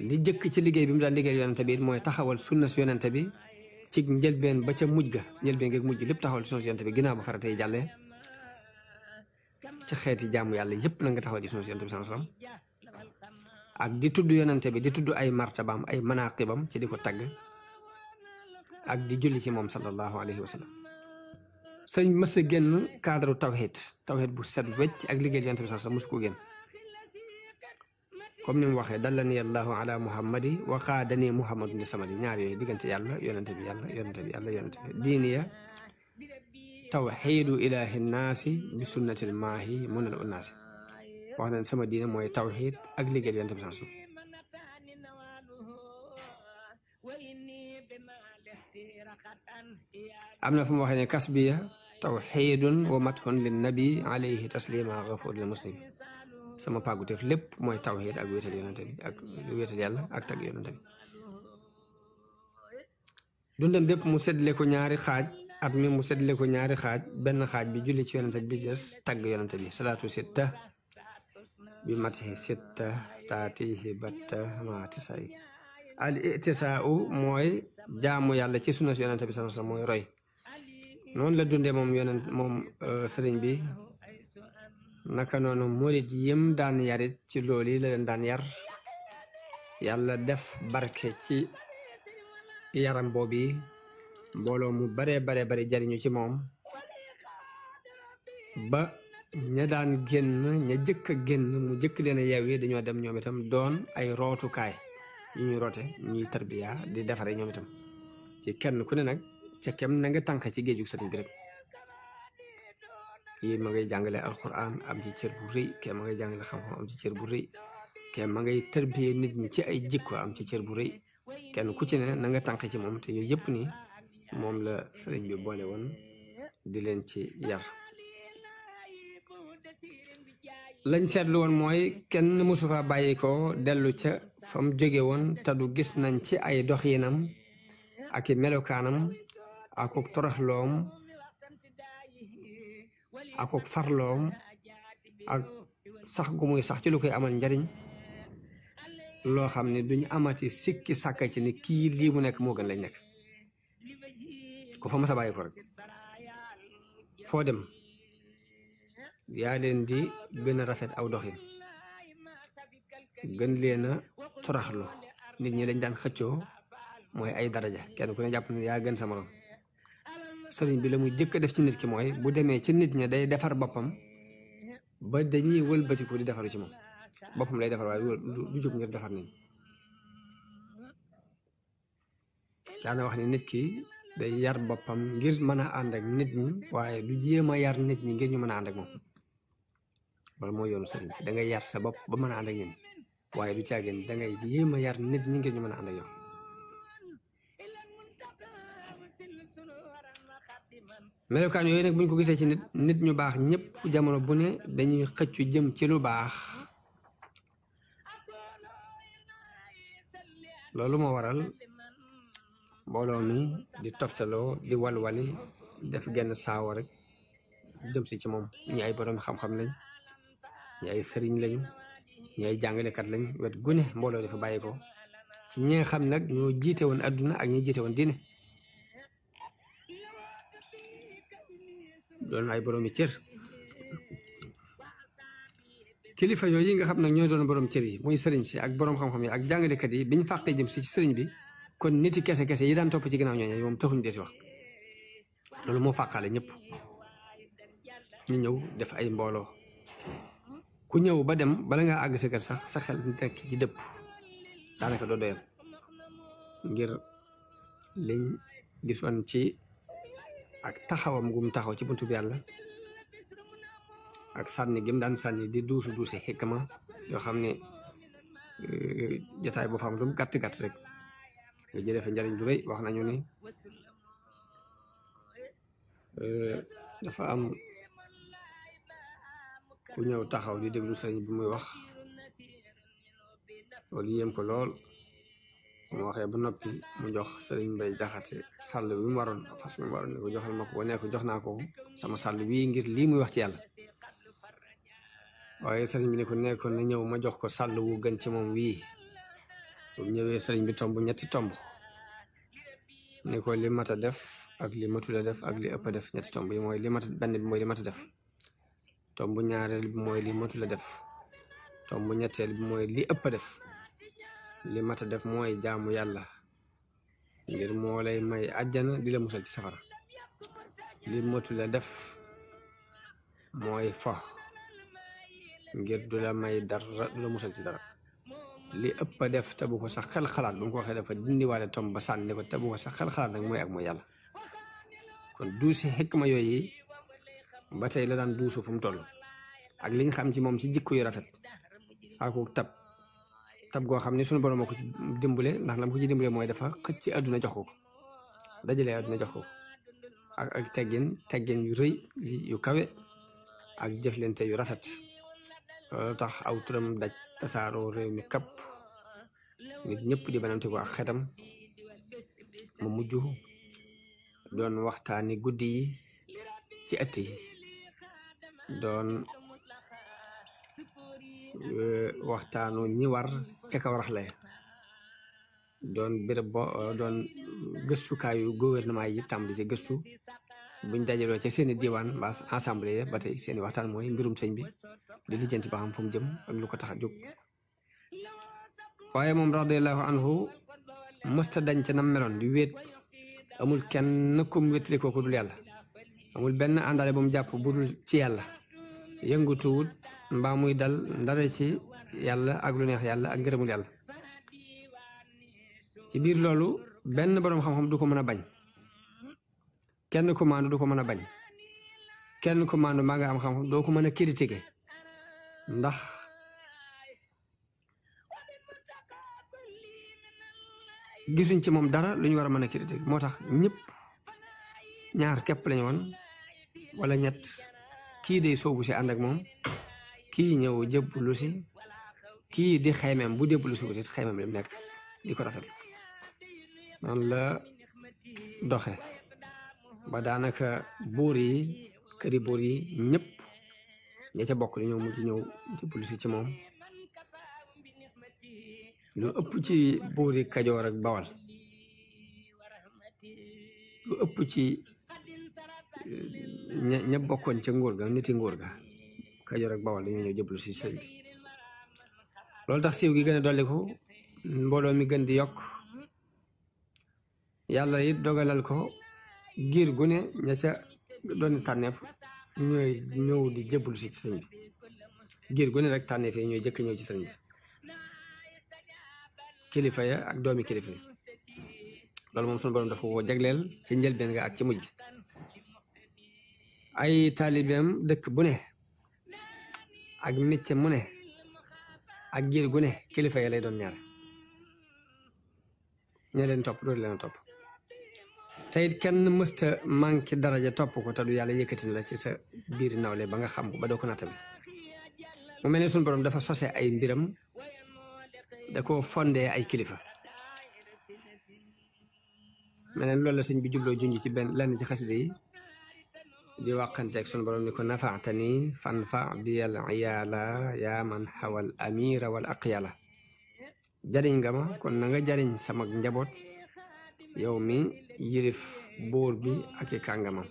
li jëkk ci liggéey bi mu daan liggéey yonente bi mooy taxawal sunna su yonente bi ci njëlbeen ba ca mujj ga njëlbeen ngeeg mujj lépp taxawal sunna bi ginnaaw ba farata yi jàllee ci xeeti yàlla yëpp na nga taxawal ci sunna si yonente bi sallallahu alayhi wasallam ak di tudd yonente bi di tudd ay martabam ay manaqibam ci di ko tagg ak di julli ci moom sallallahu alayhi wasallam sëñ mës a génn cadre tawhid bu set wecc ak liggéey yonente bi sallallahu alayhi wasallam mës ko génn comme ni mu waxee dallani allahu ala muhammadi wa xaadani muhammadu ni samadi ñaar yooyu diggante yàlla yonente bi yàlla yonente bi yàlla yonente bi diiniya tawxiidu ilahi nnaasi bi sunnatil maahi munal unnaasi wax nañ sama diine mooy tawxiid ak liggéey yonente bi sans suuf am na fu mu waxee ne kasbiya tawxiidun wa madhun linnabi alayhi taslima gafuur lil muslim sama pàgguteef lépp mooy taw ak wéetal ak wéetal yàlla ak tag yonente mu seddale ko ñaari xaaj at mi mu seddale ko ñaari xaaj benn xaaj bi julli ci yonente bi des tagg yonente bi salaatu sitta bi matihi sitta taatihi batta matisay al itisaau mooy jaamu yàlla ci sunna si yonente bi sama mooy roy noonu la dundee moom yonent euh, sëriñ bi naka noonu murit yim daan yarit ci loolu yi la leen daan yar yàlla def barke ci yaram boobu mbooloo mu bare bare bare jariñu ci moom ba ña daan génn ña jëkk a génn mu jëkk leen a yeew dañoo dem ñoom itam doon ay rootukaay yu ñuy roote ñuy tarbiya di defare ñoom itam ci kenn ku ne nag ca kem na nga tànk ci géejug sëriñ bi rek kii ma ngay jàngale alquran am ci cër bu rëy kii ma ngay jàngale xam bu rëy kii ma ngay tarbiyee nit ñi ci ay jikko am ci cër bu rëy kenn ku ci ne na tànq ci moom te yooyu yëpp ni moom la sëriñ bi boole woon di leen ci yar lañ seetlu woon mooy kenn mosu fa bàyyi ko dellu ca fam jóge woon te du gis nañ ci ay doxinam ak i melokaanam ak toroxloom ak farloom ak sax gu muy sax ci lu koy amal njariñ loo xam ne duñu amati sikki sàkka ci ni kii lii mu nekk moo gën lañ nekk ko fa masa bàyyi ko rek foo dem yaa leen di gën a rafet aw doxin gën leen a toraxlu nit ñi lañ daan xëccoo mooy ay daraja kenn ku ne jàpp ne yaa gën sa morom sëriñ bi la muy jëkk def ci nit ki mooy bu demee ci nit ña day defar boppam ba dañuy wëlbatiku di defaru ci moom boppam lay defar waaye du jóg ngir defar nit daana wax ne nit ki day yar boppam ngir mën a ànd ak nit ñi waaye du jéem a yar nit ñi ngir ñu mën a ànd moom loolu mooy yoonu sëriñ da ngay yar sa bopp ba mën a ànd ak ñun waaye du caagin da ngay jéem a yar nit ñi ngir ñu mën a ànd ak melokaan yooyu nag buñ ko gisee ci nit nit ñu baax ñëpp jamono bu ne dañuy xëccu jëm ci lu baax loolu moo waral mbooloo mi di toftaloo di walwali def genn saawo rek jëm si ci moom ñi ay borom xam-xam lañ ñi ay sëriñ lañ ñi ay jàngalekat lañ wet gune mbooloo dafa bàyyi ko ci ñi nga xam nag ñoo jiite woon adduna ak ñi jiite woon diine doon ay boroomi cër kilifa yooyu nga xam nag ñooy doon borom cër yi muy sëriñ si ak borom xam-xam yi ak jàngalekat yi biñ fàqee jëm si ci sëriñ bi kon nit yi kese kese yi daan topp ci ginnaaw ñooñu moom taxuñ dee si wax loolu moo fàqaale ñëpp ñu ñëw def ay mbooloo ku ñëw ba dem bala ngaa àgg sa kër sax sa xel nekk ci dëpp daanaka doo doyal ngir liñ gisoon ci ak taxawam gum taxaw ci buntu bi yalla ak sanni gim dan sanni di duusu duusi hikma yo xam eh, jotaay bu fam am lu gatt gàtt rek nga jere fa njariñ du reuy wax nañu eh, dafa am ku ñew taxaw di deglu sanni bi muy wax loolu ko lol mu waxee ba noppi mu jox sëriñ mbay jaxate sàll bi mu waroon fas mi mu waroon ko joxal ma ko ba jox naa sama sàll bii ngir lii muy wax ci yàlla waaye sëriñ bi ne ko ne ko na ñëw ma jox ko sàll wu gën ci moom wii bu ñëwee sëriñ bi tomb ñetti tomb ne ko li mata a def ak li matul a def ak li ëpp a def ñetti tomb yi mooy li mata benn bi li mata def tomb ñaareel bi mooy li a def tomb ñetteel bi mooy li ëpp def li mat a def mooy jaamu yàlla ngir moo lay may àjjana di la musal ci safara li matu def mooy fo ngir du la may dara du la musal ci dara li ëpp a def te bu ko sax xel xalaat bu nga ko waxee dafa dindiwaale tom ba sànni ko te bu ko sax xel xalaat nag mooy ak mooy yàlla kon duusi xikma yooyu ba tey la daan duusu fu mu toll ak liñ xam ci moom ci jikko yu rafet ak tab tab goo xam ne suñu borom moo ko ci ndax la mu ko ci dimbale mooy dafa xëcc àdduna jox dajale dajalee àdduna jox ko ak yu rëy yu kawe ak jëflante yu rafet loolu tax aw turam daj tasaaroo réew mi kapp nit ñëpp di banante ko ak xetam mu mujj doon waxtaani guddi yi ci ëtt yi doon waxtaanu ñi war ca kaw raxle doon béréb bo uh, doon gëstukaayu gouvernement yi tàmbali ci gëstu buñ dajaloo ca seen i diwaan mbaa assemblée ba tey seen i waxtaan mooy mbirum sëñ bi di lijjanti ba xam fu mu jëm ak lu ko tax a jóg waaye moom radiallahu anhu mësta dañ ca nam meloon di wéet amul kenn kum wéttali kooku dul yàlla amul benn àndaale bu mu jàpp bu dul ci yàlla yëngutuwut mbaa muy dal dara ci yàlla ak lu neex yàlla ak ngërëmul yàlla ci biir loolu benn boroom xam-xam du ko mën a bañ kenn ku maandu du ko mën a bañ kenn ku maandu maa nga am xam-xam doo ko mën a critiquer ndax gisuñ ci moom dara lu ñu war a mën a critiquer moo tax ñépp ñaar képp lañu woon wala ñett kii day soobu si ànd ak moom kii ñëw jébbalu si kii di xaymeem bu jébbalu si wutit xaymeem li mu nekk di ko rafetlu noonu la doxe ba daanaka buur yi këri buur yi ñëpp ña ca bokk ñoo mujj ñëw jébbalu si ci moom lu ëpp ci buuri Kajoor ak Bawal lu ëpp ña ña bokkoon ca nguur ga niti nguur ga Kajoor ak Bawol dañoo ñëw jëblu si sëñ bi loolu tax siiw gi gën a dolliku mbooloo mi gën di yokk yàlla it dogalal ko giir gu ne ña ca tànneef ñooy ñëw di jëblu si sëñ bi giir gu ne tànneef yi ñooy jëkk ñëw ci sëñ kilifa ya ak doomi kilifa yi loolu moom sunu borom dafa woo jagleel ci njëlbeen nga ak ci mujj ay taalibeem dëkk bu ne ak métier mu ne ak giir gu ne kilifa yi lay doon ñaar ñe leen topp dootu leen topp te kenn mësta manqué daraja topp ko te du yàlla yëkkati la ci sa biir nawle ba nga xam ko ba doo ko mu mel ne dafa sose ay mbiram da koo fondee ay kilifa mel ne loolu la sëñ bi jubloo junj ci benn lenn ci xasida di waqanteeg sunu borom ni ko nafaatani fanfa biyal iyaala yaa man xawal amira wal aqyala jariñ nga ma kon na jariñ sama njaboot yow mi yirif buur bi ak i kàngamam